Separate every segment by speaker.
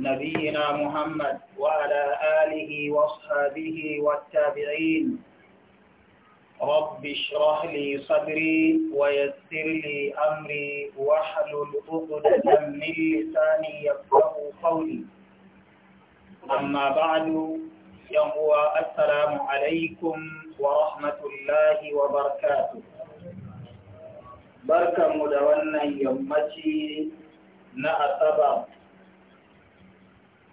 Speaker 1: نبينا محمد وعلى آله وصحبه والتابعين رب اشرح لي صدري ويسر لي أمري واحلل الأقدة من لساني يفقه قولي أما بعد يهو السلام عليكم ورحمة الله وبركاته بركة مدونة يمتي na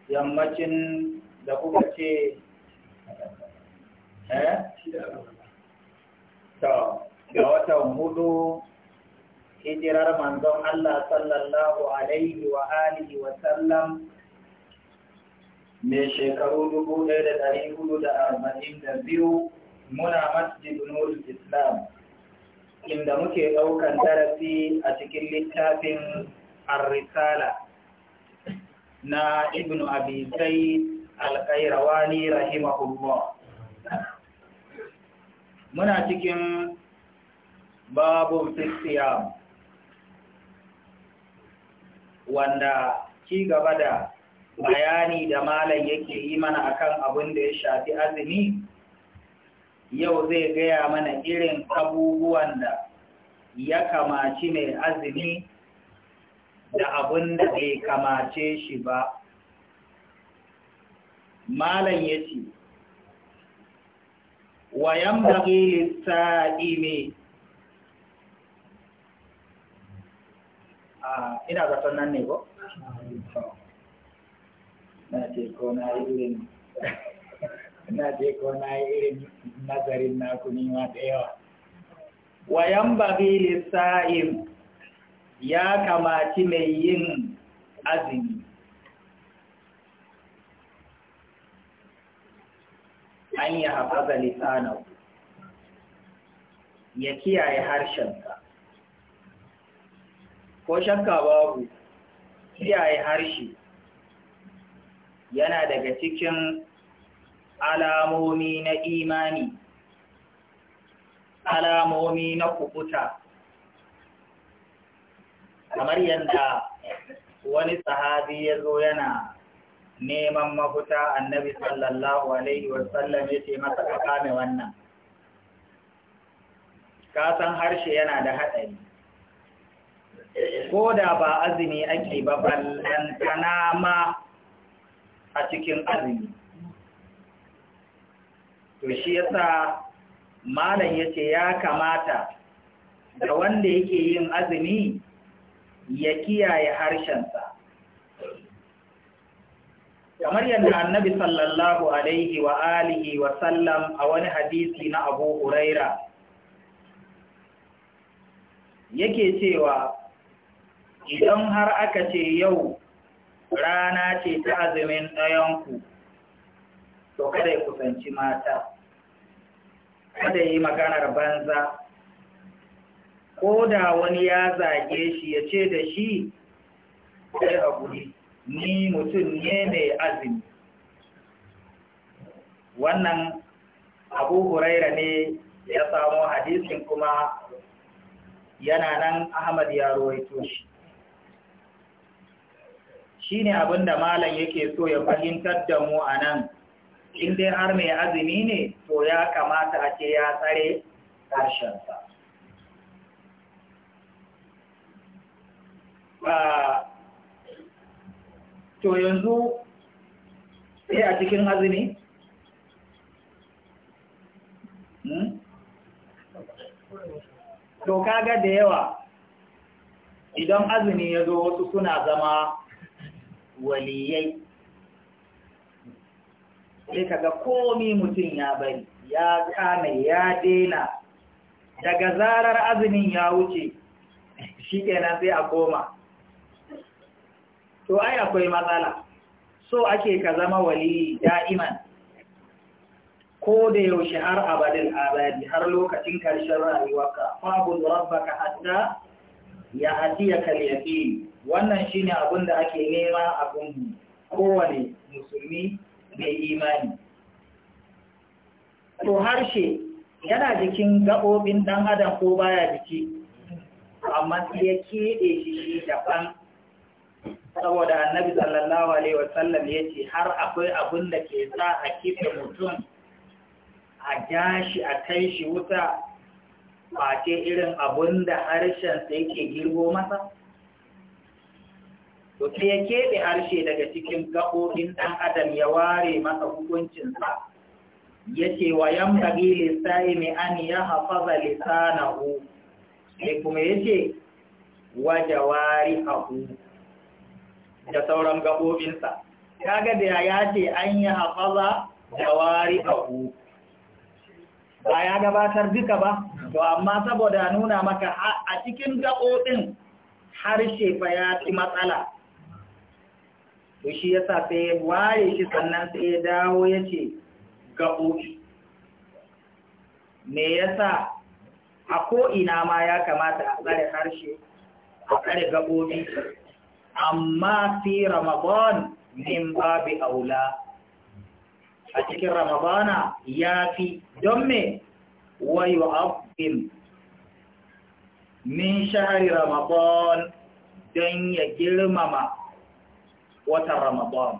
Speaker 1: yammacin da kuka ce eh? ta ga watan hudu hijirar manzon Allah sallallahu alaihi wa alihi wa sallam mai shekaru dubu ɗaya da ɗari hudu da arba'in da biyu muna masjid nurul islam inda muke ɗaukan darasi a cikin littafin arrisala risala na ibnu abi sai al rahimahullah muna cikin babu siyam wanda ci gaba da bayani da malam yake yi mana akan abin da ya shafi azumi yau zai gaya mana irin abubuwan da ya kamaci mai azumi da abin da bai kamace shi ba malam ya ce wayan bagi lissa'ime a ah, ina zaton nan ne ba? na ce ko na irin na ce ko na irin nazarin da yawa wayan ya kamaci mai yin azumi an yi hafaza lisanahu ya kiyaye harshenka. ko shakka babu kiyaye harshe yana daga cikin alamomi na imani alamomi na kubuta kamar yadda wani sahabi ya zo yana neman mafuta annabi sallallahu alaihi wasallam ya ce masa ka kame wannan ka san harshe yana da haɗari ko da ba azumi ake ba ballantana ma a cikin azumi to shi yasa malam yace ya kamata da wanda yake yin azumi ya kiyaye harshensa kamar yadda annabi sallallahu alaihi wa alihi wa sallam a wani hadisi na abu huraira yake cewa idan har aka ce yau rana ce ta azumin ɗayanku to kada ya kusanci mata kada yi maganar banza ko da wani ya zage shi ya ce da shi sai haƙuri ni mutum ne mai azumi wannan abu huraira ne ya samo hadisin kuma yana nan ahmad ya rawaito shi shine abin da malam yake so ya fahimtar da mu a nan in dai har mai azumi ne to ya kamata a ce ya tsare harshensa to yanzu sai a cikin azumi hmm? to kaga da yawa idan azumi ya zo wasu suna zama waliyai sai kaga komi mutum ya bari ya kame ya dena daga zarar azumin ya wuce shi kenan sai a koma to ai akwai matsala so ake ka zama wali da'iman ko da yaushe har abadin abadi har lokacin karshen rayuwarka fabul rabbaka hatta ya hatiya kalyafi wannan shine abin da ake nema a gungu kowane musulmi mai imani to harshe yana jikin gaɓoɓin ɗan adam ko baya jiki amma ya keɓe shi shi daban saboda annabi sallallahu alaihi wasallam ya ce har akwai abun da ke sa a kife mutum a gashi a kai shi wuta ce irin abin da harshensa yake girbo masa to sai ya keɓe harshe daga cikin gaɓoɓin ɗan adam ya ware masa hukuncinsa ya ce wa yan bagi lissa'i mai an ya hafaza lissanahu sai kuma ya ce wa jawari hahu da sauran gabobinsa. kaga da ya ce an yi hafaza da wari abu ba ya gabatar duka ba to amma saboda nuna maka a cikin gabobin harshe fa ya ci matsala to shi yasa sai ya ware shi sannan sai ya dawo ya ce gaɓoɓi me ya sa a ko'ina ma ya kamata a tsare harshe a tsare gabobi amma fi ramadan min babi aula a cikin ramadana ya fi don me wayo abin min shahari ramadan don ya girmama wata ramadan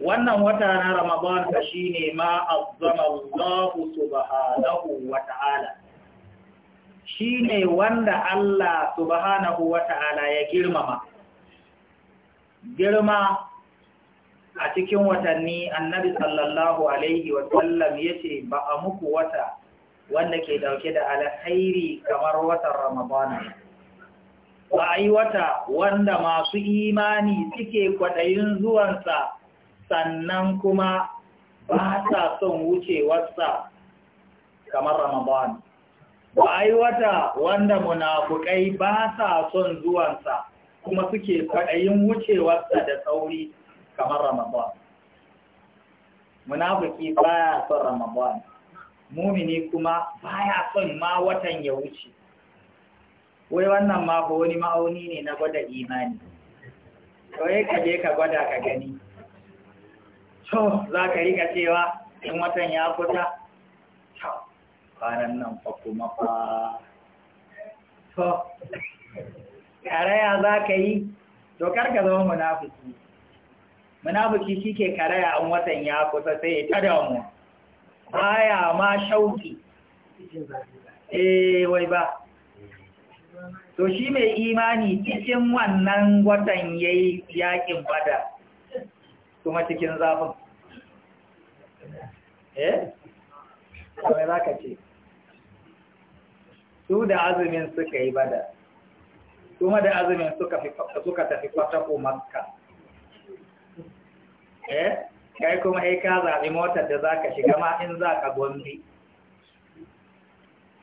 Speaker 1: wannan wata na ramadan ka shine ma azzama allahu subhanahu wa ta'ala shi ne wanda Allah subhanahu wa ya girmama. Girma a cikin watanni annabi sallallahu Alaihi wasallam ya ce ba a muku wata wanda ke dauke da alhairi kamar watan Ramadana. Ba a yi wata wanda masu imani suke kwaɗayin zuwansa sannan kuma ba sa son wucewarsa kamar Ramadana. ba ai wata wanda munafukai ba sa son zuwansa kuma suke kwaɗayin wucewarsa da sauri kamar Ramadan. Munafuki baya son Ramadan, mumini kuma baya son ma watan ya wuce. Wai wannan ma ba wani ma'auni ne na gwada imani. Kawai ka je ka gwada ka gani. To, za ka rika cewa in watan ya fita kwanan nan fa kuma fa to karaya za ka yi to karka zama munafiki munafiki shi ke karaya an watan ya kusa sai ya tada mu baya ma shauki eh wai ba to shi mai imani cikin wannan watan yayi yakin bada kuma cikin zafin eh kamar za ka ce su da azumin suka yi bada kuma da azumin suka tafi ko maska eh kai kuma ai ka zaɓi motar da za ka shiga ma in za ka gombe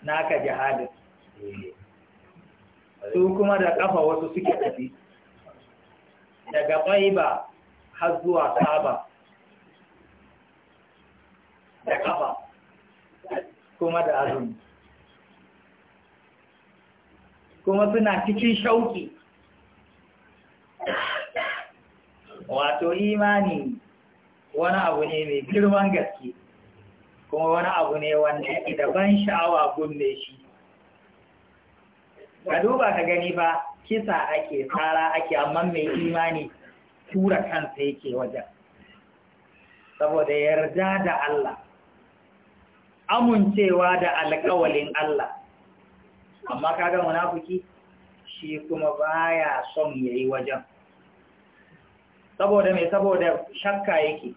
Speaker 1: naka jihadin su kuma da ƙafa wasu suke tafi daga ƙwaiba har zuwa saba da ƙafa kuma da azumi kuma suna cikin shauki wato imani wani abu ne mai girman gaske kuma wani abu ne wanda yake da ban sha'awa gunne shi ka duba ka gani ba kisa ake tsara ake amma mai imani tura kansa yake wajen saboda yarda da Allah amincewa da alƙawalin Allah amma kaga munafiki shi kuma baya son yayi wajen saboda me saboda shakka yake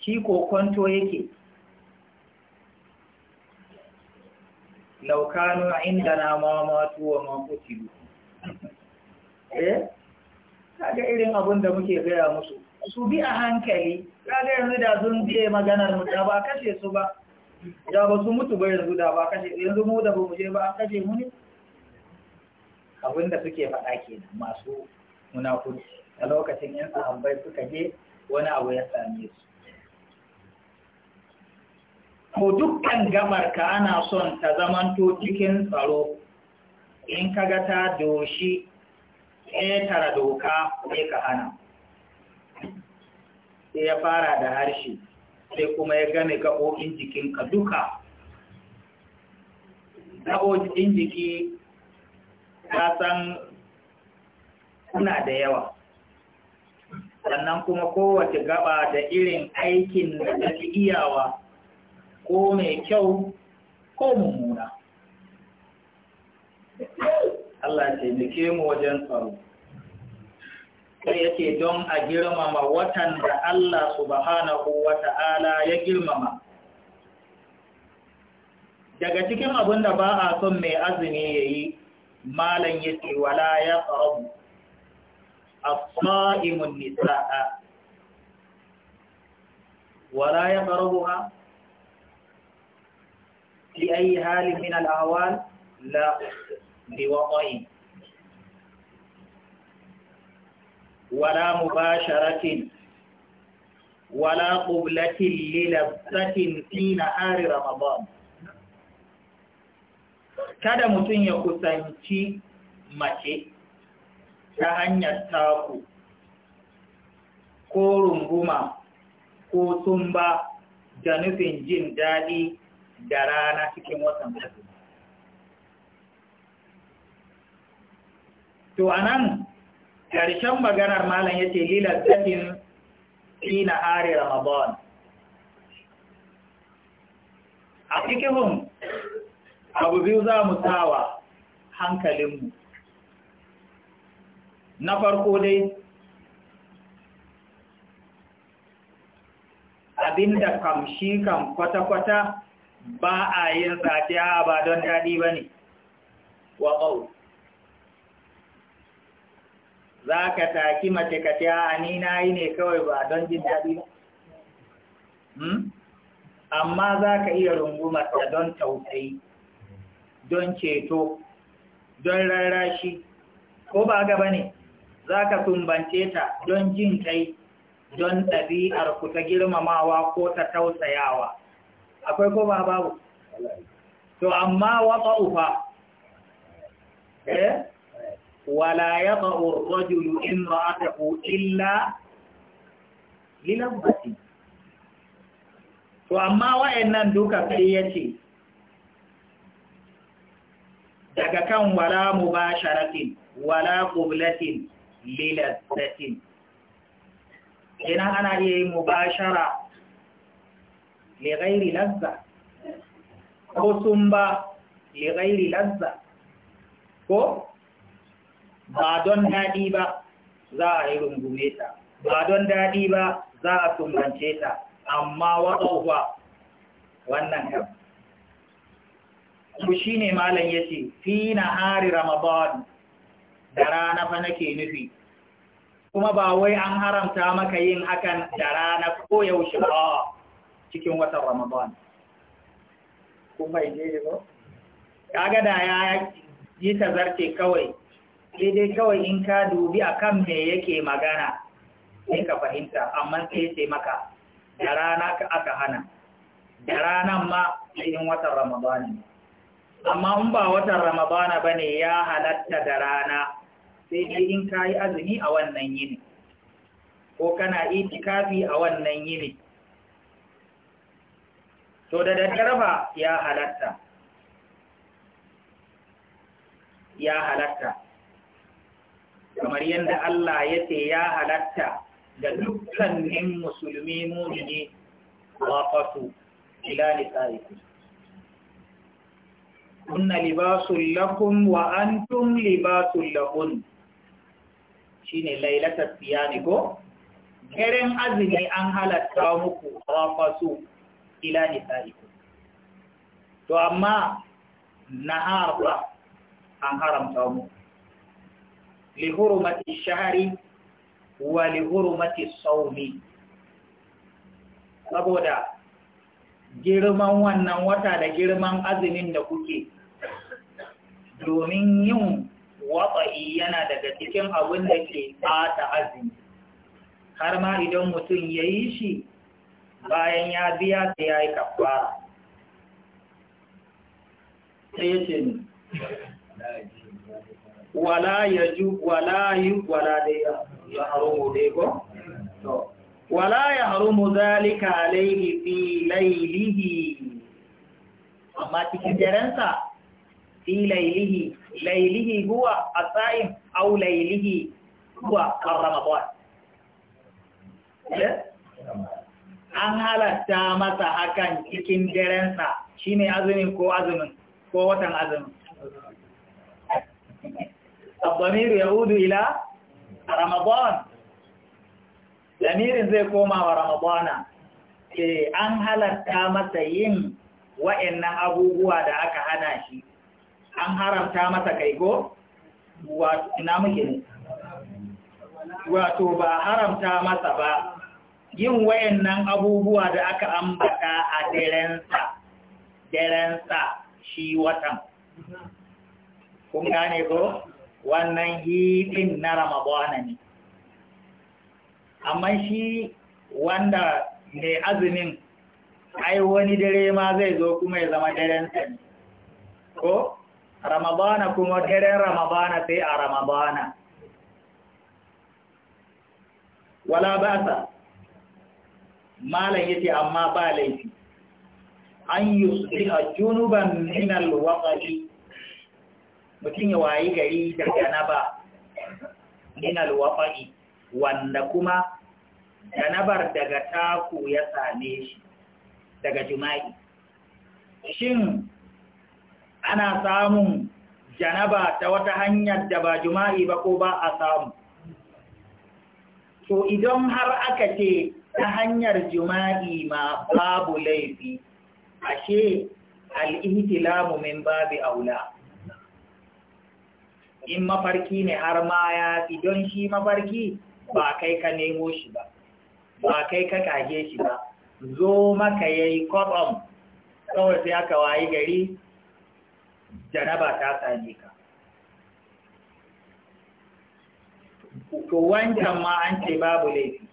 Speaker 1: shi kokonto yake laukanu inda na mamatu wa makutilu eh kaga irin abun da muke gaya musu su bi a hankali kaga yanzu da sun je maganar mu da ba kashe su ba ya ba su mutu bai yanzu da ba kashe yanzu mu da mu je ba an kashe mu ne abinda suke faɗa kenan masu munafurci a lokacin yan sahabbai suka je wani abu ya same su ko dukkan gamar ka ana son ta to cikin tsaro in ka ga ta doshi ƙetara doka sai ka hana sai ya fara da harshe sai kuma ya gani gaɓoɓin jikinka duka gaɓoɓin jiki ta san kuna da yawa sannan kuma kowace gaba da irin aikin da ta fi iyawa ko mai kyau ko mummuna Allah ce mu wajen tsaro ya yake don a girmama watan da Allah subhanahu wa ta'ala ya girmama. Daga cikin abin da ba a son mai azumi ya yi, malan ya ce wala ya tsarabu, a sa'imun nisa'a. Wala ya tsarabu ha? Fi ayi halin min al'awal la biwa ƙo'in. ولا مباشرة ولا قبلة للبسة في نهار رمضان kada mutum ya kusanci mace ta hanyar taku ko runguma ko tumba da nufin jin daɗi da rana cikin watan azumi. To ƙarshen maganar malam ya ce lila na ina hari ramadan a cikin abu biyu za mu tawa hankalinmu na farko dai abinda kamshi kan kwata-kwata ba a yin safiya ba don daɗi ba ne wa ƙau za ka taki mace ka ce a ni na yi ne kawai ba don jin daɗi ba hmm? amma za ka iya rungumarta don tausayi don ceto don rarrashi ko ba gaba ne za ka sumbance ta don jin kai don ɗabi'ar ku ta girmamawa ko ta tausayawa akwai ko ba babu to amma wata ufa eh wala yaba urrajulu imra'atahu illa lilabati to amma wa'annan duka sai yace daga kan wala mubasharatin wala qublatin lilazzatin kenan ana iya yin mubashara li ghairi lazza ko sumba li ghairi lazza ko ba don daɗi ba za a yi rungume ta ba don daɗi ba za a sumbance ta amma waɗauwa wannan kam ku shi ne malam ya ce fi na hari ramadan da rana fa nake nufi kuma ba wai an haramta maka yin hakan da rana ko yaushe ba cikin watan ramadan kuma yi ne ba kaga da ya yi tazarce kawai sai dai kawai in ka dubi a kan me yake magana sai ka fahimta amma sai sai maka da rana ka aka hana da ranan ma cikin watan ramadana ne amma in ba watan ramadana ba ne ya halatta da rana sai dai in ka yi azumi a wannan yini ko kana itikafi a wannan yini to da daddare ba ya halatta ya halatta kamar yadda Allah ya ce ya halatta da dukkanin musulmi mumini waqatu ila nisaikum kunna libasul lakum wa antum libasul lahun shine lailatul siyami ko karen azumi an halatta muku waqasu ila nisaikum to amma nahar an haramta muku li mati shahari wa li mati saumi saboda girman wannan wata da girman azumin da kuke domin yin watsa'i yana daga cikin abin da ke ɓata azumi har ma idan mutum ya yi shi bayan ya biya ta ya yi kafara sai ya ce wala ya ju wala yi wala dai ya haramu dai ko wala ya haramu zalika alaihi fi lailihi amma cikin darensa fi lailihi lailihi huwa asa'im au lailihi huwa ramadan an halatta masa hakan cikin darensa shine azumin ko azumin ko watan azumin الضمير يعود إلى رمضان ضمير zai koma wa أن هل e, an halatta masa yin هو abubuwa da aka hana shi an haramta masa kaigo تام سبا ba yin wayannan abubuwa da aka ambata a derensa derensa shi watan kun gane ko wannan hidin na ramadana ne amma shi wanda mai azumin ai wani dare ma zai zo kuma ya zama daren ne ko ramadana kuma daren ramadana sai a ramadana wala ba sa malam yace amma ba laifi an a junuban minal waƙari mutum ya wayi gari da janaba min alwafa'i wanda kuma janabar daga taku ya same shi daga jima'i shin ana samun janaba ta wata hanyar da ba jima'i ba ko ba a samu to idan har aka ce ta hanyar jima'i ma babu laifi ashe al'ihtilamu min babu aula in mafarki ne har ma ya fi don shi mafarki ba kai ka nemo shi ba ba kai ka kage shi ba zo maka ya yi kwaɓam kawai sai aka wayi gari janaba ta same ka to wancan ma an ce babu laifi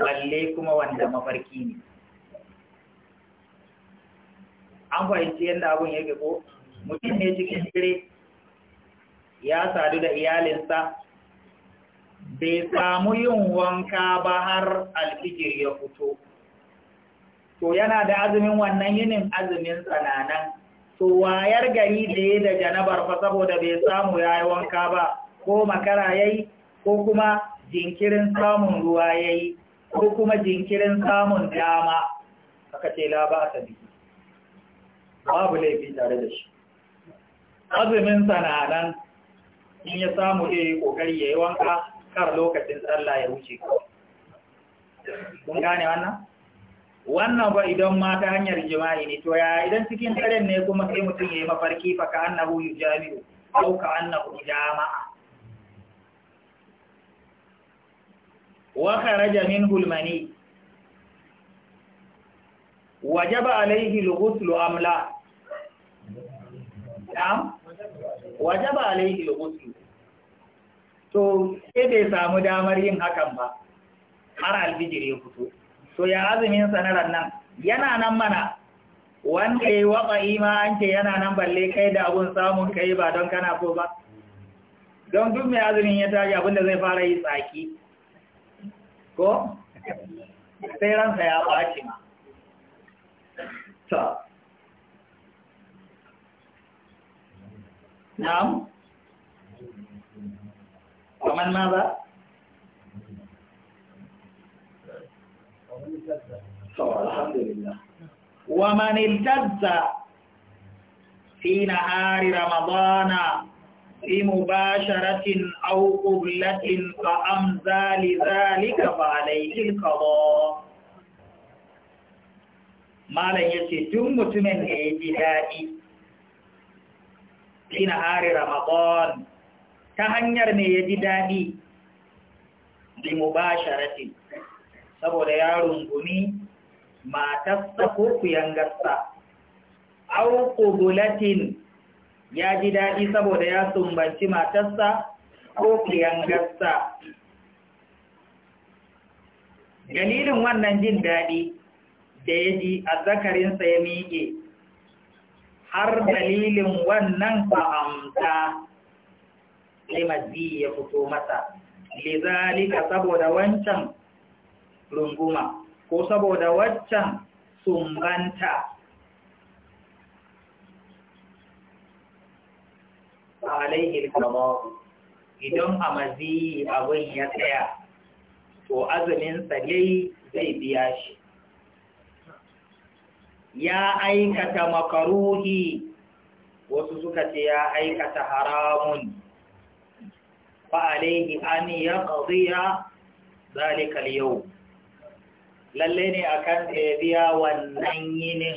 Speaker 1: balle kuma wanda mafarki ne an fahimci yadda abin yake ko mutum ne cikin dire ya sadu da iyalinsa bai samu yin wanka ba har alfijir ya fito to yana da azumin wannan yinin azumin tsananan to wayar gari da ya da janabar fa saboda bai samu ya yi wanka ba ko makara ya yi ko kuma jinkirin samun ruwa ya yi ko kuma jinkirin samun dama aka ce laba a sabi babu laifi tare da shi azumin tsananan in ya samu ya yi kokari ya yi wanka kar lokacin tsalla ya wuce kun gane wannan wannan ba idan mata hanyar jima'i ne to ya idan cikin daren ne kuma sai mutum ya yi mafarki fa ka annahu yujami'u ka annahu jama'a wa kharaja minhu hulmani? wajaba alayhi al Amla. wajaba alaihi al-ghusl to sai bai samu damar yin hakan ba har alfijir ya fito to ya azumin sanarar nan yana nan mana wanda ya yi ima an ce yana nan balle kai da abun samun kai ba don kana ko ba don duk mai azumin ya tashi da zai fara yi tsaki ko sai ransa ya ɓaci ma نعم ومن ماذا الحمد لله ومن التز في نهار رمضان في مباشرة أو قبلة فأمزى لذلك فعليه القضاء ما لن يسي متمن إيجي fi hari ramadan ta hanyar ne ya ji daɗi bi mubasharati saboda ya rungumi matarsa ko kuyangarsa Auku bulatin ya ji daɗi saboda ya sumbanci matarsa ko kuyangarsa dalilin wannan jin daɗi da ya ji a zakarinsa ya miƙe har dalilin wannan fa'amta limazi ya fito masa lizalika saboda wancan runguma ko saboda waccan sumbanta alaihi alkabaru idan a mazi abin ya tsaya to azumin sa zai biya shi ya aikata makaruhi wasu suka ce ya aikata haramun fa alaihi an ya qadiya zalika al lalle ne akan biya wannan yinin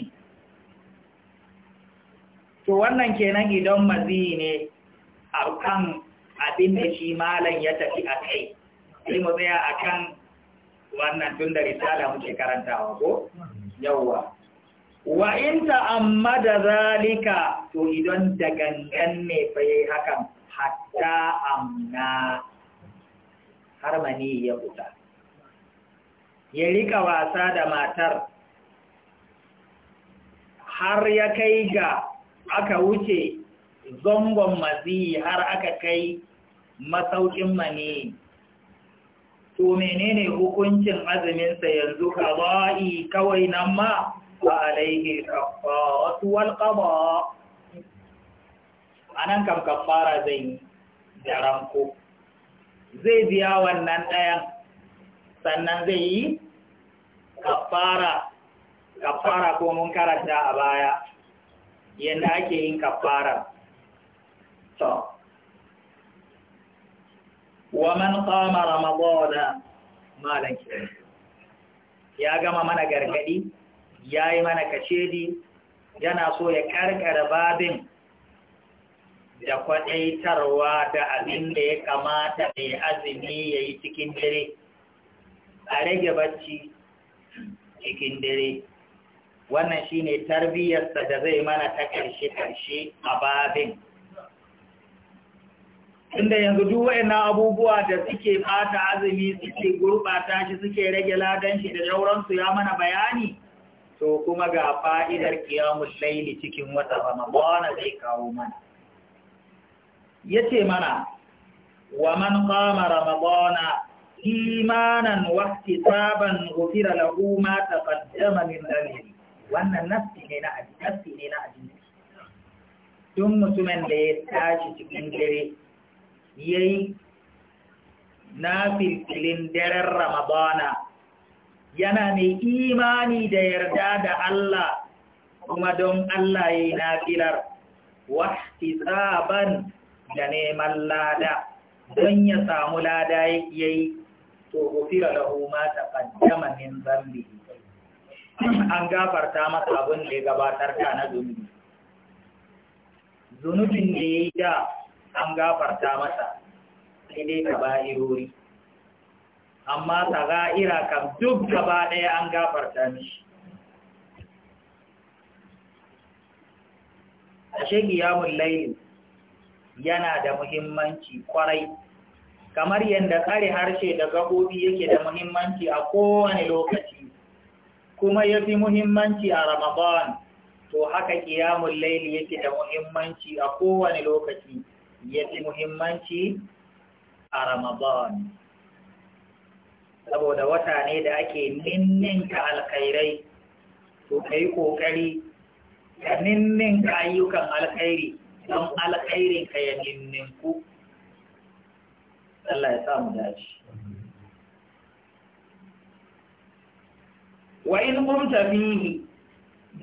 Speaker 1: to wannan kenan idan mazi ne kan abin da shi malam ya tafi a kai sai mu tsaya akan wannan tun da risala muke karantawa ko yawwa wa in ta'ammada zalika to idan da gangan ne fa yi hakan hatta amna harmani ya fita ya rika wasa da matar har ya kai ga aka wuce zangon mazi har aka kai masaukin mani to menene hukuncin azuminsa yanzu ka ba'i kawai nan ma فعليه الكفارة والقضاء anan kam kafara zai yi da ranko zai biya wannan ɗayan sannan zai yi kafara kafara ko mun karanta a baya yadda ake yin kafara to wa man qama ramadana malan ya gama mana gargadi ya yi mana kashedi yana so ya karkara babin da kwadaitarwa da abin da ya kamata mai azumi ya yi cikin dare a rage bacci cikin dare wannan shi shine tarbiyyarsa da zai mana ta ƙarshe-ƙarshe a babin inda yanzu duk waɗannan abubuwa da suke bata azumi suke gurɓata shi suke rage ladan shi da sauransu ya mana bayani to kuma ga fa'idar kiyamun laili cikin wata ramadana zai kawo mana Ya ce mana wa man kama ramadana imanan wakti saban ghufira lahu ta taqaddama min dalili wannan nafi ne na nafsi ne na mutumin da ya tashi cikin dare yayi na filfilin daren ramadana yana mai imani da yarda da Allah kuma don Allah ya yi nafilar tsaban da neman lada don ya samu lada ya yi to gufira lahu ma taqaddama min zambi an gafarta masa abin da ya gabatar da na zunubi zunubin da ya yi da an gafarta masa sai ne ka ba irori amma ta ira kan duk gaba ɗaya an gafarta mishi ashe qiyamul laili yana da muhimmanci kwarai kamar yadda tsari harshe da gabobi yake da muhimmanci a kowane lokaci kuma ya fi muhimmanci a ramadan to haka ƙiyamun laili yake da muhimmanci a kowane lokaci fi muhimmanci a ramadan saboda wata ne da ake ninninka alkhairai to ka yi ƙoƙari ka ninninka ayyukan alkhairi don alkhairinka ya ninninku Allah ya samu dace wa in kumta fihi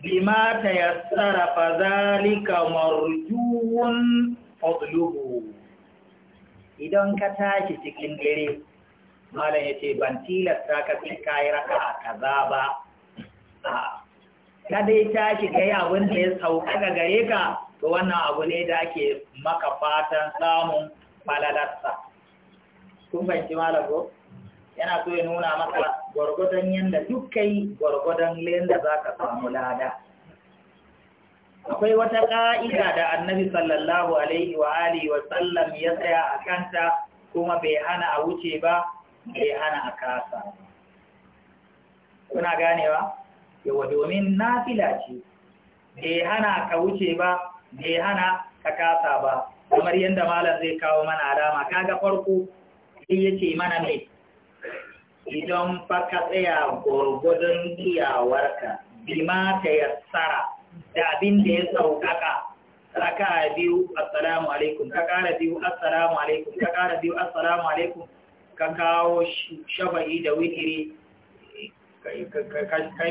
Speaker 1: bima tayassara fa zalika marjuun fadluhu idan ka tashi cikin dare malam ya ce ban tilasta ka fi kayi raka a kaza ba ka dai ta shiga yi abin da ya sauka ga gare ka to wannan abu ne da ake maka fatan samun falalarsa kun fahimci malam ko yana so ya nuna maka gwargwadon yadda duk kai gwargwadon lenda za ka samu lada akwai wata ka'ida da annabi sallallahu alaihi wa alihi wa sallam ya tsaya a kanta kuma bai hana a wuce ba ke hana a kasa kuna ganewa yawa domin na fila ce ke hana ka wuce ba ke hana ka kasa ba kamar yadda malam zai kawo mana alama kaga farko sai ce mana mai idan fa ka tsaya gwargwadon iyawarka bima ta yassara da abin da ya saukaka raka biyu assalamu alaikum ka ƙara biyu assalamu alaikum ka ƙara biyu assalamu alaikum ka kawo shafa'i da witiri ka yi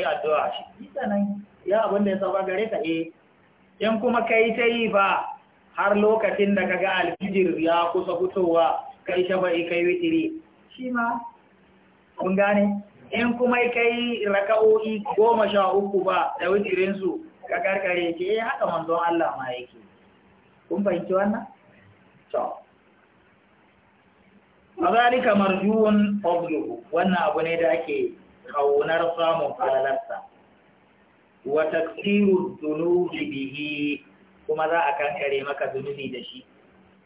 Speaker 1: addu'a shi nan. ya abin da ya sauka gare ka e in kuma ka yi ta yi ba har lokacin da ka ga alfijir ya kusa fitowa ka yi kai ka yi witiri shi ma kun gane in kuma ka yi raka'o'i goma sha uku ba da witirinsu ka karkare ce eh, haka manzon Allah ma yake kun fahimci wannan? kamar Juwon fadluhu wannan abu ne da ake kaunar samun falalarsa wa taksiru zunubi bihi kuma za a kankare maka zunubi da shi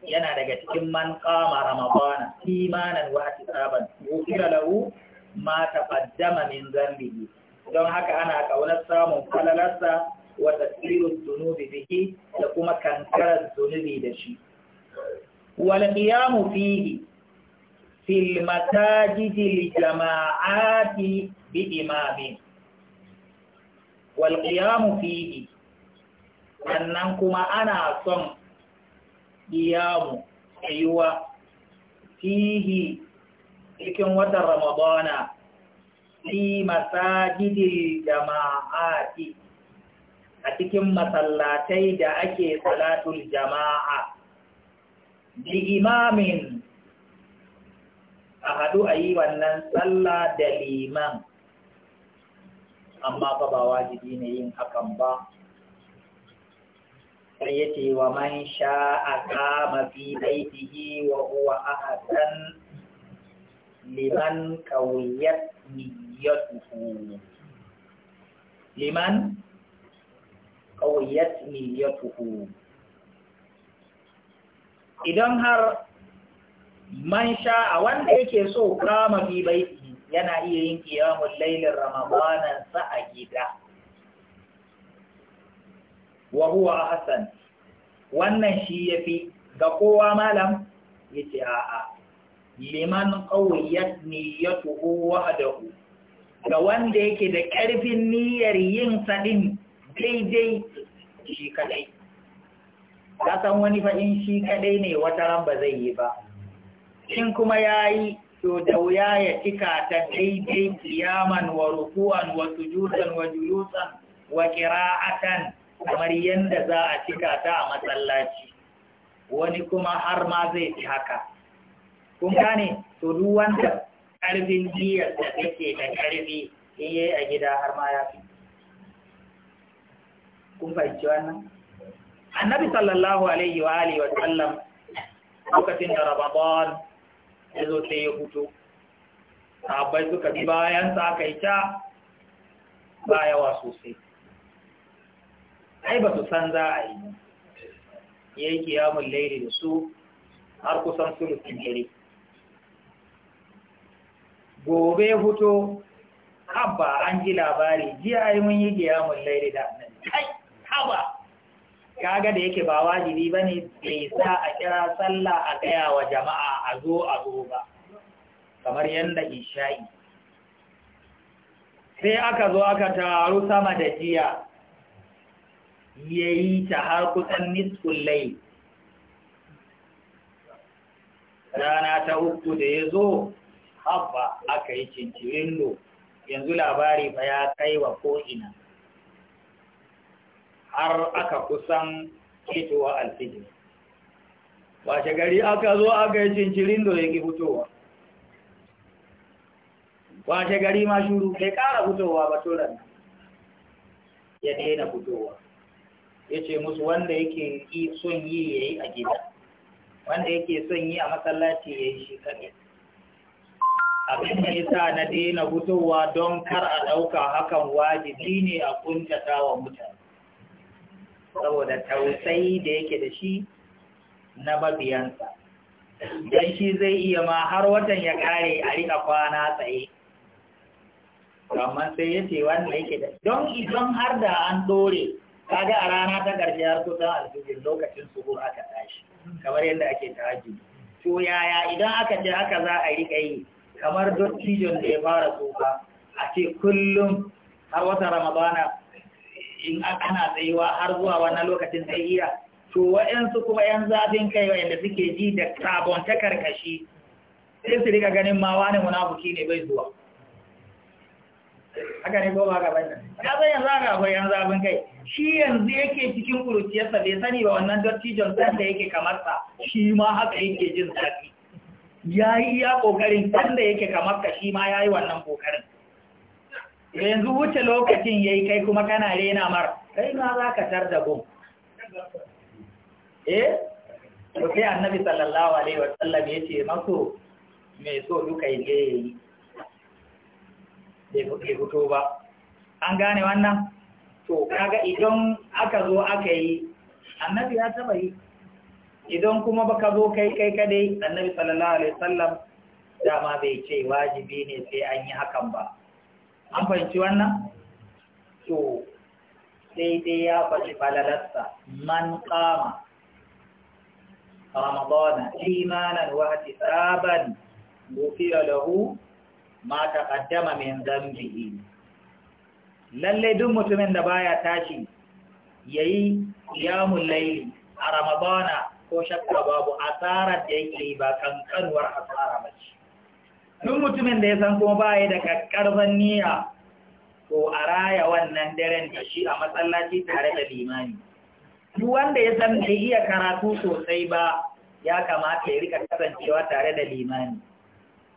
Speaker 1: yana daga cikin man kama ramadana imanan wa saban ghufira lahu ma taqaddama min dhanbihi don haka ana kaunar samun falalarsa wa taksiru zunubi bihi da kuma kankarar zunubi da shi wal qiyamu fihi fil masajidi li jama'ati bi imamin wal qiyamu fihi sannan kuma ana son qiyamu tsayuwa fihi cikin watan ramadana fi masajidil jama'ati a cikin masallatai da ake salatul jama'a bi imamin a haɗu a yi wannan sallah da liman amma fa ba wajibi ne yin hakan ba sai ya ce wa man a kama fi baitihi wa huwa ahadan liman kawiyat niyyatuhu liman kawiyat niyyatuhu idan har man sha a wanda yake so kama bibai yana iya yin kiyamun lailin ramadanan sa a gida wa huwa ahsan wannan shi yafi ga kowa malam yace a'a liman qawiyat niyyatuhu wahdahu ga wanda yake da karfin niyyar yin sadin daidai shi kadai ka san wani fa in shi kadai ne wata ran ba zai yi ba in kuma ya yi to da wuya ya cika ta daidai kiyaman wa rukuwan wa sujudan wa julusan wa kira'atan kamar yadda za a cika ta a matsalaci wani kuma har ma zai fi haka kun gane to duk wanda ƙarfin jiyar da take da ƙarfi in yi a gida har ma ya fi kun fahimci wannan annabi sallallahu alaihi wa alihi wa sallam lokacin da rabadon ya zo sai ya fito sahabbai suka bi bayan sa aka yi ta bayawa sosai ai ba su san za a yi ya yi kiyamun laili da su har kusan sulutun dare gobe huto haba an ji labari jiya yi mun yi kiyamun laili da annabi kai haba kaga da yake ba wajibi ba ne bai sa a kira sallah a gaya wa jama'a a zo a zo ba kamar yadda isha'i sai aka zo aka taru sama da jiya ya yi ta har kusan nisfin lai rana ta uku da ya zo haɓa aka yi cincirindo yanzu labari ba ya kai wa ko'ina har aka kusan ketowa alfijir shi gari aka zo aka yi cincirin da ya hutowa ba shi gari ma shuru kai kara hutowa ba turan ya daina hutowa ya ce musu wanda yake son yi ya yi a gida wanda yake son yi a masallaci ya yi shi kaɗe abin da isa na daina hutowa don kar a ɗauka hakan wajibi ne a kuntatawa mutane saboda tausayi da yake da shi na mabiyansa don shi zai iya ma har watan ya kare a rika kwana tsaye Kamar sai ya ce wanda yake da don idan har da an dore kaga a rana ta ƙarshe har kusan alfijir lokacin hura aka tashi kamar yadda ake tahajjudi to yaya idan aka je haka za a rika yi kamar dottijon da ya fara tsufa a ce kullum har wata ramadana in ana tsayuwa har zuwa wannan lokacin tsayiya to wa'yansu kuma yan zafin kai wa'yanda suke ji da sabon ta karkashi sai su riga ganin ma wani munafuki ne bai zuwa haka ne goma ga bayan ya zai yanzu haka akwai yan zafin kai shi yanzu yake cikin kuruciyarsa bai sani ba wannan dattijon johnson da yake kamar sa shi ma haka yake jin zafi ya yi iya ƙoƙarin sanda yake kamar ka shi ma ya yi wannan ƙoƙarin yanzu wuce lokacin ya yi kai kuma kana rena mara. kai ma za ka tar da gun eh to sai annabi sallallahu alaihi wa sallam ce mako me so duka yi ne yi. bai fito ba an gane wannan to kaga idan aka zo aka yi annabi ya taba yi idan kuma baka zo kai kai kadai annabi sallallahu alaihi wa sallam dama bai ce wajibi ne sai an yi hakan ba an fahimci wannan to sai dai ya faɗi falalarsa man kama ramadana imanan wa ihtisaban da lahu ma taqaddama min zambi. lalle duk mutumin da baya tashi yayi yamun laili, a ramadana ko shakka babu asarar da yake ba kankanuwar asara mace duk mutumin da ya san kuma ba ya da kakkarzan niyya ko a raya wannan daren da shi a matsalaci tare da limani duk wanda ya san bai iya karatu sosai ba ya kamata ya rika kasancewa tare da limani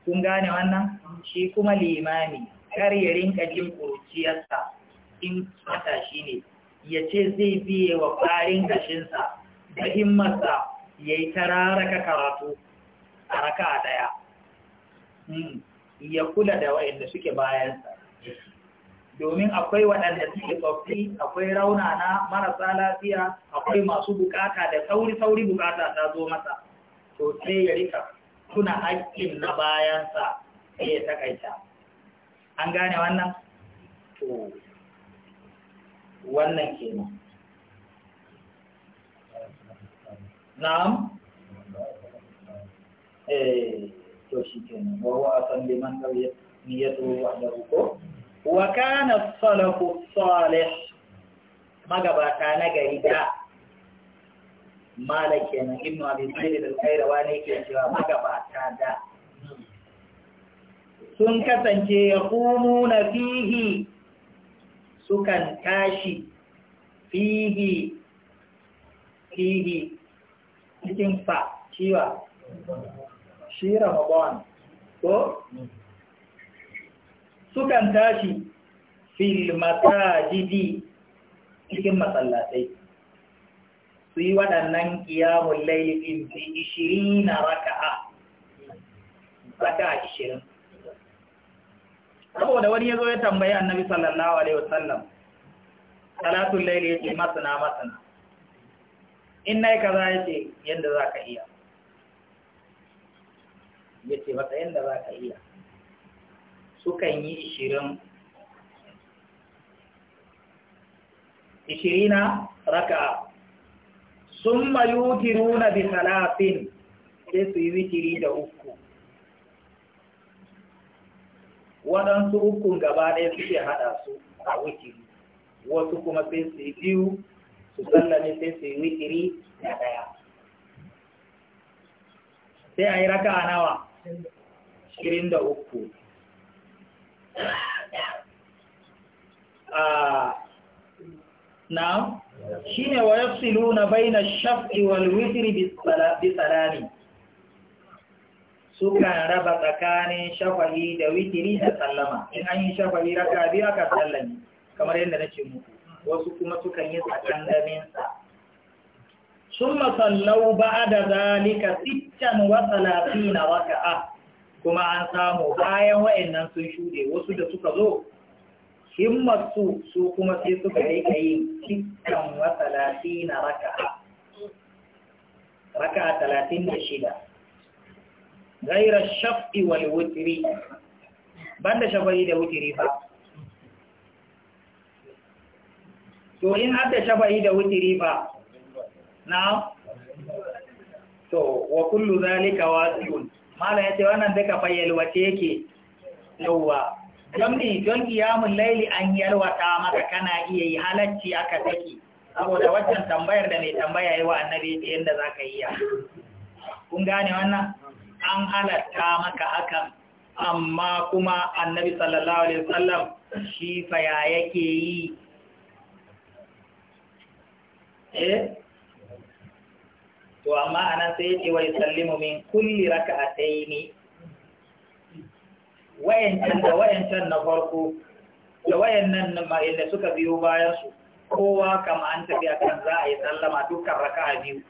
Speaker 1: kun gane wannan shi kuma limani kar ya rinka jin kurciyarsa in mata shi ne ya ce zai biye wa ƙarin kashinsa da himmarsa ya yi tararraka karatu a raka ɗaya Hmm. ya kula da inda suke bayansa domin akwai waɗanda suke tsoffi akwai raunana marasa lafiya akwai masu bukata da sauri-sauri bukata ta zo masa to sai ya rika tuna haƙƙin na bayansa sai ya takaita an gane wannan to wannan ke na'am eh to shi kenan wa huwa asan liman wa kana salafu salih na gari da malik ibnu abi sa'id al ne ke cewa magabata da sun kasance ya na fihi sukan tashi fihi fihi cikin fa ciwa shi Ramadan ko sukan tashi fil masajidi cikin masallatai su yi waɗannan ƙiyamun laifin fi ishirin na raka'a raka'a ishirin saboda wani ya zo ya tambayi annabi sallallahu alaihi wasallam salatun laifin ya ce masana masana in na yi kaza ya ce yadda za ka iya ya ce masa yadda za ka iya sukan yi ishirin ishirina raka sun mayutiru na bisalafin sai su yi wikiri da uku waɗansu ukun gaba ɗaya suke haɗa su a wikiri wasu kuma sai su yi biyu su sallame sai su yi wikiri da ɗaya sai a yi raka nawa Shirin da uku ah, na shi ne wa yafsilu na baina shafi wal witri bi salami suka raba tsakanin shafa'i da witiri da sallama in an yi shafa'i raka biyu aka sallami kamar yadda na ce muku wasu kuma sukan yi tsakandaminsa ثم صلوا بعد ذلك ستا وثلاثين ركعة كما أن ساموا بايا وإن سنشودي وسجد سكزو himmar su su kuma sai suka rika yin cikin wa talatin raka'a raka'a talatin da shida gairar shafi wal wutiri banda shafa'i da wutiri ba to in har da shafa'i da wutiri ba na to wa kullu zalika wasiun mala yace wannan daga fayyal wace yake yawa jam'i don qiyamul layli an yarwata maka kana iya yi halacci aka saki saboda waccan tambayar da mai tambaya yi wa annabi ta yadda za ka yi ya kun gane wannan an halatta maka hakan amma kuma annabi sallallahu alaihi wasallam shi ya yake yi eh to amma anan sai yake wa yusallimu min kulli raka'ataini wayancan da wayancan na farko da wayannan da suka biyo bayan su kowa kama an tafi akan za a yi sallama dukkan raka'a biyu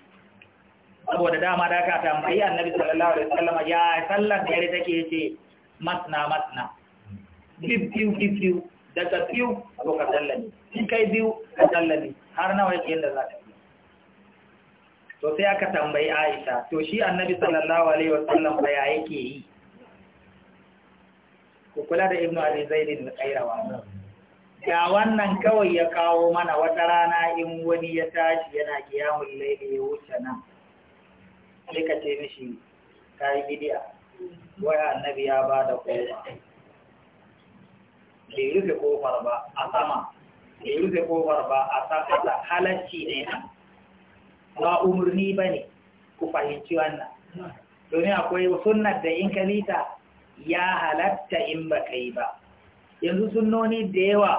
Speaker 1: saboda dama da ka tambayi annabi sallallahu alaihi wasallam ya sallar da yare take yace masna masna biyu biyu biyu daga biyu ko ka sallame kai biyu ka sallame har nawa yake yanda za yi. to sai aka tambayi Aisha to shi annabi sallallahu alaihi wasallam ba ya yake yi ku kula da ibnu abi zaid bin qairawa Ya wannan kawai ya kawo mana wata rana in wani ya tashi yana qiyamul layli ya wuce nan sai ka ce mishi kai bid'a waya annabi ya bada kofa bai rufe kofar ba a sama bai rufe kofar ba a sama halacci ne nan ba umarni ba ne ku fahimci wannan domin akwai sunan da in kalita ya halatta in ba yi ba yanzu sunnoni da yawa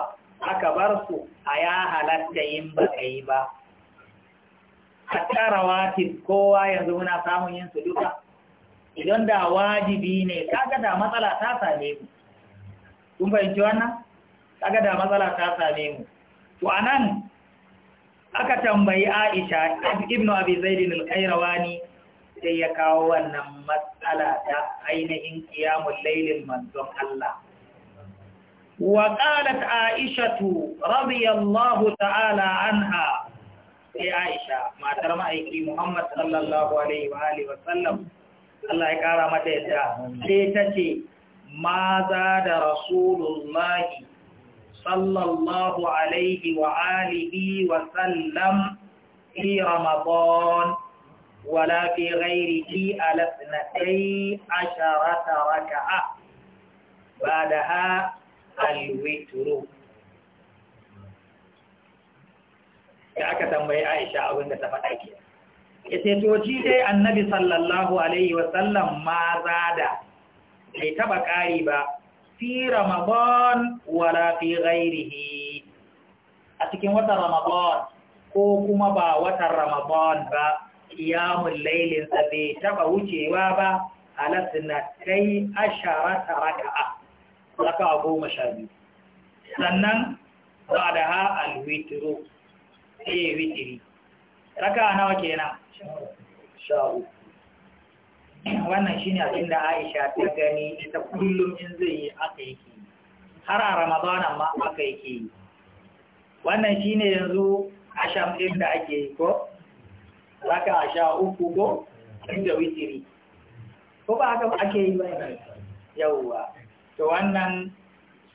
Speaker 1: aka bar su a ya halatta in ba yi ba tara rawatin kowa yanzu muna samun yin su duka idan da wajibi ne kaga da matsala ta same mu kun fahimci wannan kaga da matsala ta same mu to anan aka tambayi aisha ibnu abi zaidin al-qayrawani sai ya kawo wannan matsala ta ainihin qiyamul lailin manzon Allah wa qalat aishatu radiyallahu ta'ala anha sai aisha matar ma'aiki muhammad sallallahu alaihi wa alihi wa sallam Allah ya kara mata yadda sai ta ce ma da rasulullahi sallallahu alaihi wa alihi wa sallam fi Ramadan wala fi ghairihi ala sanatay asharata raka'a ba'daha al-witr da aka tambayi Aisha abin da ta faɗa ke yace to dai annabi sallallahu alaihi wa sallam ma zada bai taba ƙari ba fi Ramadan wala fi ghairihi a cikin watan Ramadan ko kuma ba watan Ramadan ba qiyamul lailin sa bai taba wucewa ba alasna kai asharata raka'a raka'a goma sha biyu sannan ba da ha alwitru sai witiri raka'a nawa kenan Sha'u. wannan shine abin da Aisha ta gani ita kullum in zai yi aka yake har a Ramadana ma aka yake wannan shine yanzu a shamfin da ake yi, ko zaka sha uku ko inda witiri ko ba haka ake yi ba yawwa to wannan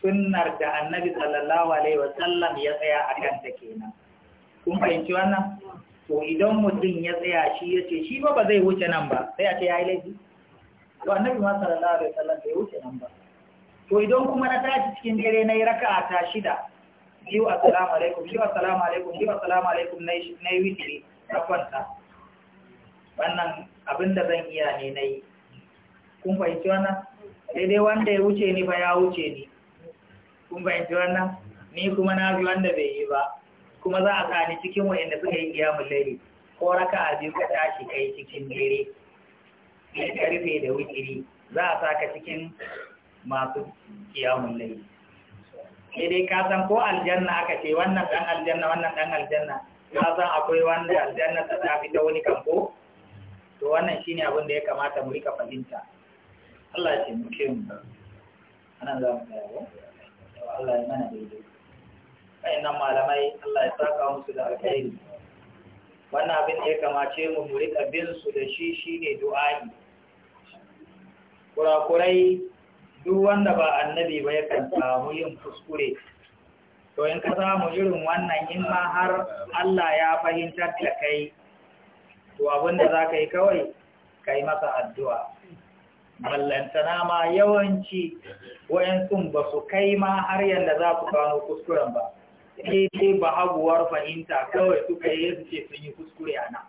Speaker 1: sunnar da Annabi sallallahu alaihi wasallam ya tsaya akan kanta kenan kun fahimci wannan to idan mutum ya tsaya shi ya ce shi ba ba zai wuce nan ba sai a ce ya yi laifi to annabi ma sallallahu alaihi wasallam bai wuce nan ba to idan kuma na tashi cikin dare na yi raka'a ta shida biyu assalamu alaikum biyu assalamu alaikum biyu assalamu alaikum na yi witiri na kwanta wannan abin da zan iya ne na yi kun fahimci wannan sai dai wanda ya wuce ni ba ya wuce ni kun fahimci wannan ni kuma na bi wanda bai yi ba kuma za a sani cikin wa'inda suka yi iyamun laili ko raka a biyu ka tashi kai cikin dare ya karfe da wikiri za a saka cikin masu iyamun laili sai dai ka san ko aljanna aka ce wannan dan aljanna wannan dan aljanna ya san akwai wanda aljanna ta tafi ta wani kanko to wannan shine abin da ya kamata mu rika fahimta Allah ya ce mu anan za mu tsaya Allah ya mana daidai wayannan malamai Allah ya saka musu da alheri wannan abin da ya kamace mu mu rika bin su da shi shine du'a'i kurakurai duk wanda ba annabi ba ya yakan samu yin kuskure to in ka samu irin wannan in ma har Allah ya fahimtar da kai to abin da za ka yi kawai ka yi masa addu'a ballantana ma yawanci sun ba su kai ma har yanda za su gano kuskuren ba daidai ba haguwar fahimta kawai suka yi yanzu ce sun yi kuskure a nan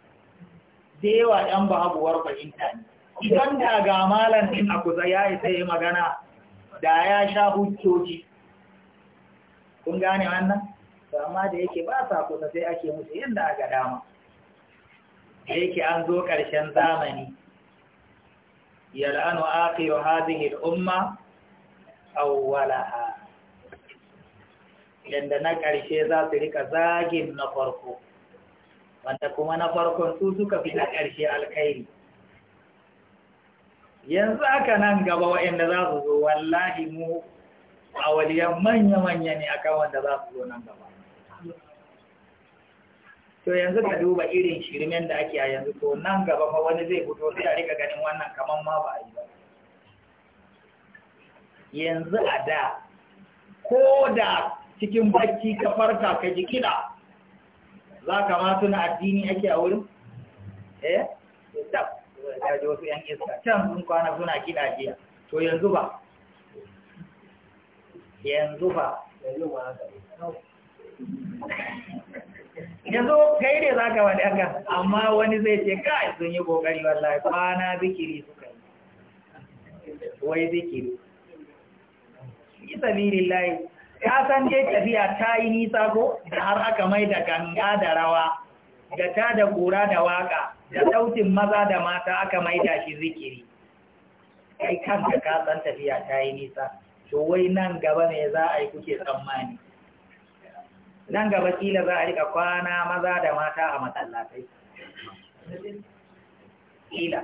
Speaker 1: da yawa ɗan ba haguwar fahimta ne idan da ga malam ɗin a kusa ya isa yi magana da ya sha hukkoki kun gane wannan amma da yake ba sa kusa sai ake musu yadda aka dama da yake an zo ƙarshen zamani yal'anu akhiru hadhihi al-umma awwalaha yadda na ƙarshe za su rika zagin na farko wanda kuma na farkon su suka fi na ƙarshe alkhairi yanzu aka nan gaba waɗanda za su zo wallahi mu a waliyan manya-manya ne akan wanda za su zo nan gaba to yanzu ka duba irin shirmen da ake a yanzu to nan gaba fa wani zai fito sai a rika ganin wannan kamar ma ba a yi ba yanzu a da ko da cikin bacci ka farka ka ji kiɗa za ka ma tuna addini ake a wurin? eh? ya ji wasu ‘yan iska can sun kwana suna kiɗa jiya to yanzu ba yanzu ba yanzu kai ne za ka wani haka amma wani zai ce kai sun yi ƙoƙari wallahi kwana zikiri suka yi wai zikiri isa sabirin layi ka san dai tafiya ta yi nisa ko da har aka mai da ganga da rawa da ta da kura da waka da sautin maza da mata aka mai da shi zikiri kai kanka ka san tafiya ta yi nisa to wai nan gaba ne za a yi kuke tsammani nan gaba kila za a rika kwana maza da mata a matsalatai kila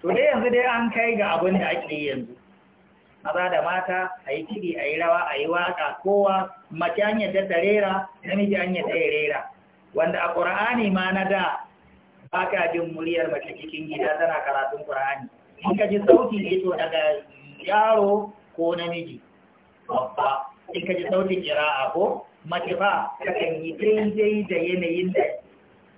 Speaker 1: to dai yanzu dai an kai ga abin da ake yanzu maza da mata a yi kiɗi a yi rawa a yi waƙa kowa mace an yadda ta rera namiji an yadda ya rera wanda a ƙura'ani ma na da ba ka jin muryar mace cikin gida tana karatun ƙura'ani in ka ji sauti ne daga yaro ko namiji babba in ka ji sautin a ko mace ba ta kan yi daidai da yanayin da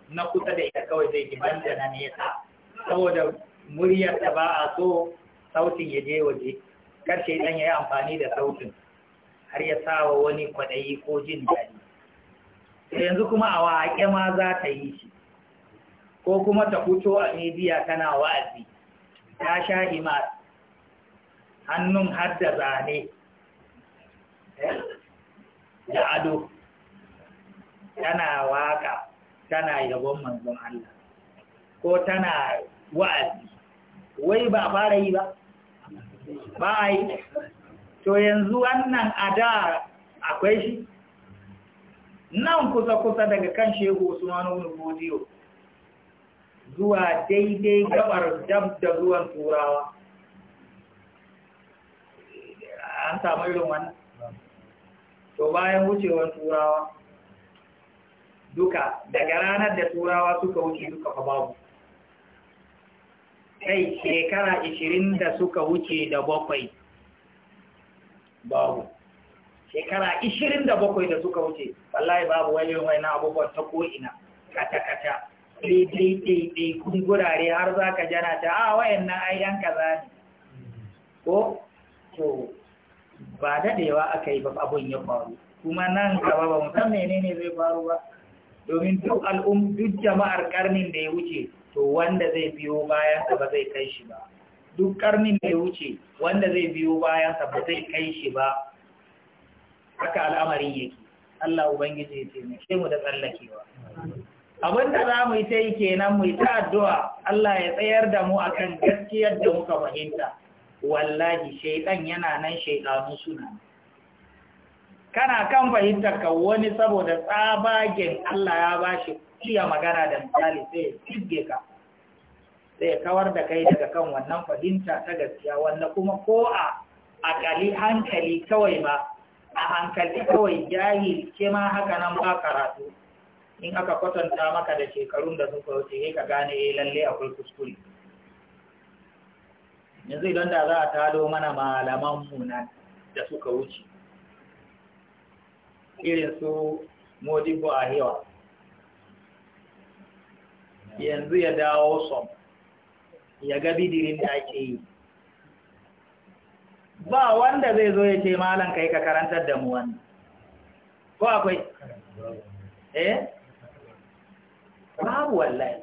Speaker 1: na kusa da ita kawai zai ji banda na nesa saboda muryar da ba a so sautin ya je waje kar shi ya yi amfani da sautin har ya sawa wani kwaɗayi ko jin daɗi yanzu kuma a waƙe ma za ta yi shi ko kuma ta fito a media tana wa'azi ta sha ima hannun har da zane eh, da ado tana waka tana yabon manzon Allah ko tana wa'azi wai ba fara yi ba ba yi to yanzu wannan a da akwai shi nan kusa-kusa daga kan shehu usmanu nubodiyo zuwa daidai gabar dab da zuwan turawa an samu irin wannan to bayan wucewar turawa duka daga ranar da turawa suka wuce duka fa babu kai shekara ishirin da suka wuce da bakwai babu shekara ishirin da bakwai da suka wuce wallahi babu wani wani abubuwan ta ko'ina kata-kata ɗaiɗaiɗaiɗai kun gurare har za ka jana ta a ah, wayan na ayyan kaza ne ko to ba daɗewa aka yi abin ya faru kuma nan gaba ba musamman ne ne zai faru ba domin duk al'um duk jama'ar karnin da ya wuce to wanda zai biyo bayansa ba zai kai shi ba duk karnin da wuce wanda zai biyo bayansa ba zai kai shi ba haka al'amarin yake Allah Ubangiji ya taimake mu da tsallakewa abinda za mu yi ta kenan mu yi ta addu'a Allah ya tsayar da mu akan gaskiyar da muka fahimta wallahi shaidan yana nan shaidanu suna kana kan fahimtar ka wani saboda tsabagen Allah ya bashi iya magana da misali sai ya cibge ka sai ya kawar da kai daga kan wannan fahimta ta gaskiya wanda kuma ko a akali hankali kawai ba a hankali kawai ke ma haka nan ba karatu in aka kwatanta maka da shekarun da suka wuce sai ka gane eh lalle akwai kuskure yanzu idan da za a talo mana malaman muna da suka wuce irin su modibo a hewa yanzu ya dawo son ya ga bidirin da ake yi ba wanda zai zo ya ce malam kai ka karantar da mu wani ko akwai eh babu wallahi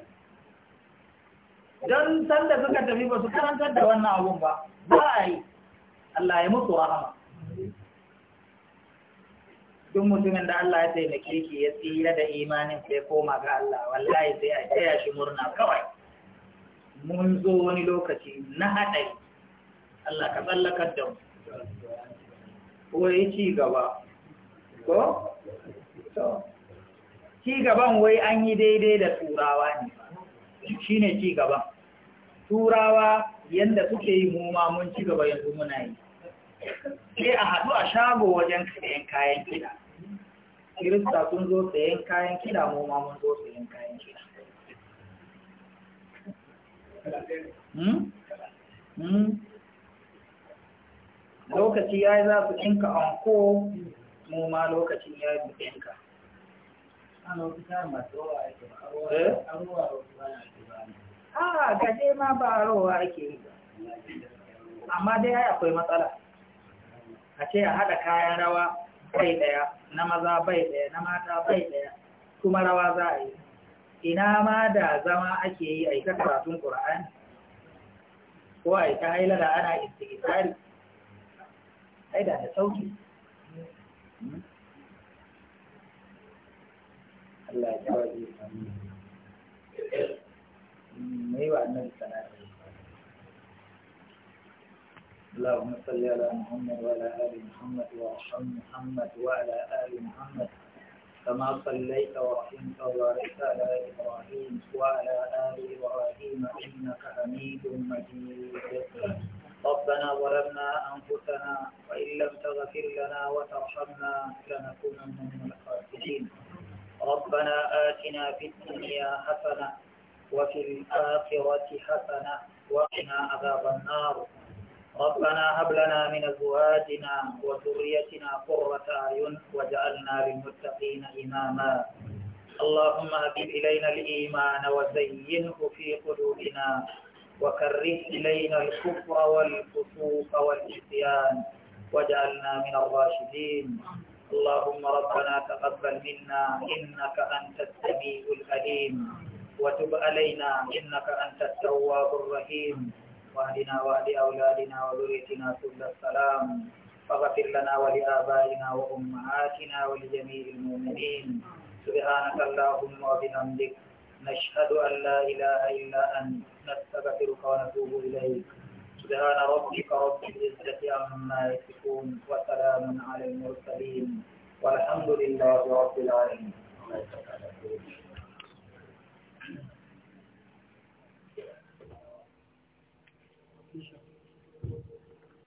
Speaker 1: don sanda suka tafi ba su karantar da wannan abun ba ba a yi Allah ya musu rahama duk mutumin da Allah ya taimake shi ya tsira da imanin sai koma ga Allah wallahi sai a taya shi murna kawai mun zo wani lokaci na haɗari Allah ka tsallakar da mu ko yi ci gaba ko? ci gaban wai an yi daidai da turawa ne shi ne ci gaban turawa yadda suke yi muma mun ci gaba yanzu muna yi sai a haɗu a shago wajen kayan kayan kiɗa kirista sun zo sayan kayan kiɗa mu ma mun zo sayan kayan kiɗa hmm? Hmm? lokaci ya yi za su ɗinka anko mu ma lokacin ya yi ɗinka eh? a gaje ma ba a rowa ake yi amma dai akwai matsala a ce a haɗa kayan rawa bai daya na maza bai daya na mata bai daya kuma rawa za a yi ina ma da zama ake yi a yi karatun ƙura'ani ko a yi ta haila da ana istighfari ai da da sauki Allah ya ji mu yi wa annabi اللهم صل على محمد وعلى آل محمد وارحم محمد وعلى آل محمد كما صليت ورحمت وباركت على إبراهيم وعلى آل إبراهيم إنك حميد مجيد ربنا ظلمنا أنفسنا وإن لم تغفر لنا وترحمنا لنكونن من الخاسرين ربنا آتنا في الدنيا حسنة وفي الآخرة حسنة وقنا عذاب النار ربنا هب لنا من أزواجنا وذريتنا قرة أعين واجعلنا للمتقين إماما اللهم أبب إلينا الإيمان وزينه في قلوبنا وكره إلينا الكفر والفسوق والعصيان واجعلنا من الراشدين اللهم ربنا تقبل منا إنك أنت السميع العليم وتب علينا إنك أنت التواب الرحيم لإخواننا ولأولادنا وذريتنا كل السلام فغفر لنا ولآبائنا وأمهاتنا ولجميع المؤمنين سبحانك اللهم وبحمدك نشهد أن لا إله إلا أنت نستغفرك ونتوب إليك سبحان ربك رب العزة عما يصفون وسلام على المرسلين والحمد لله رب العالمين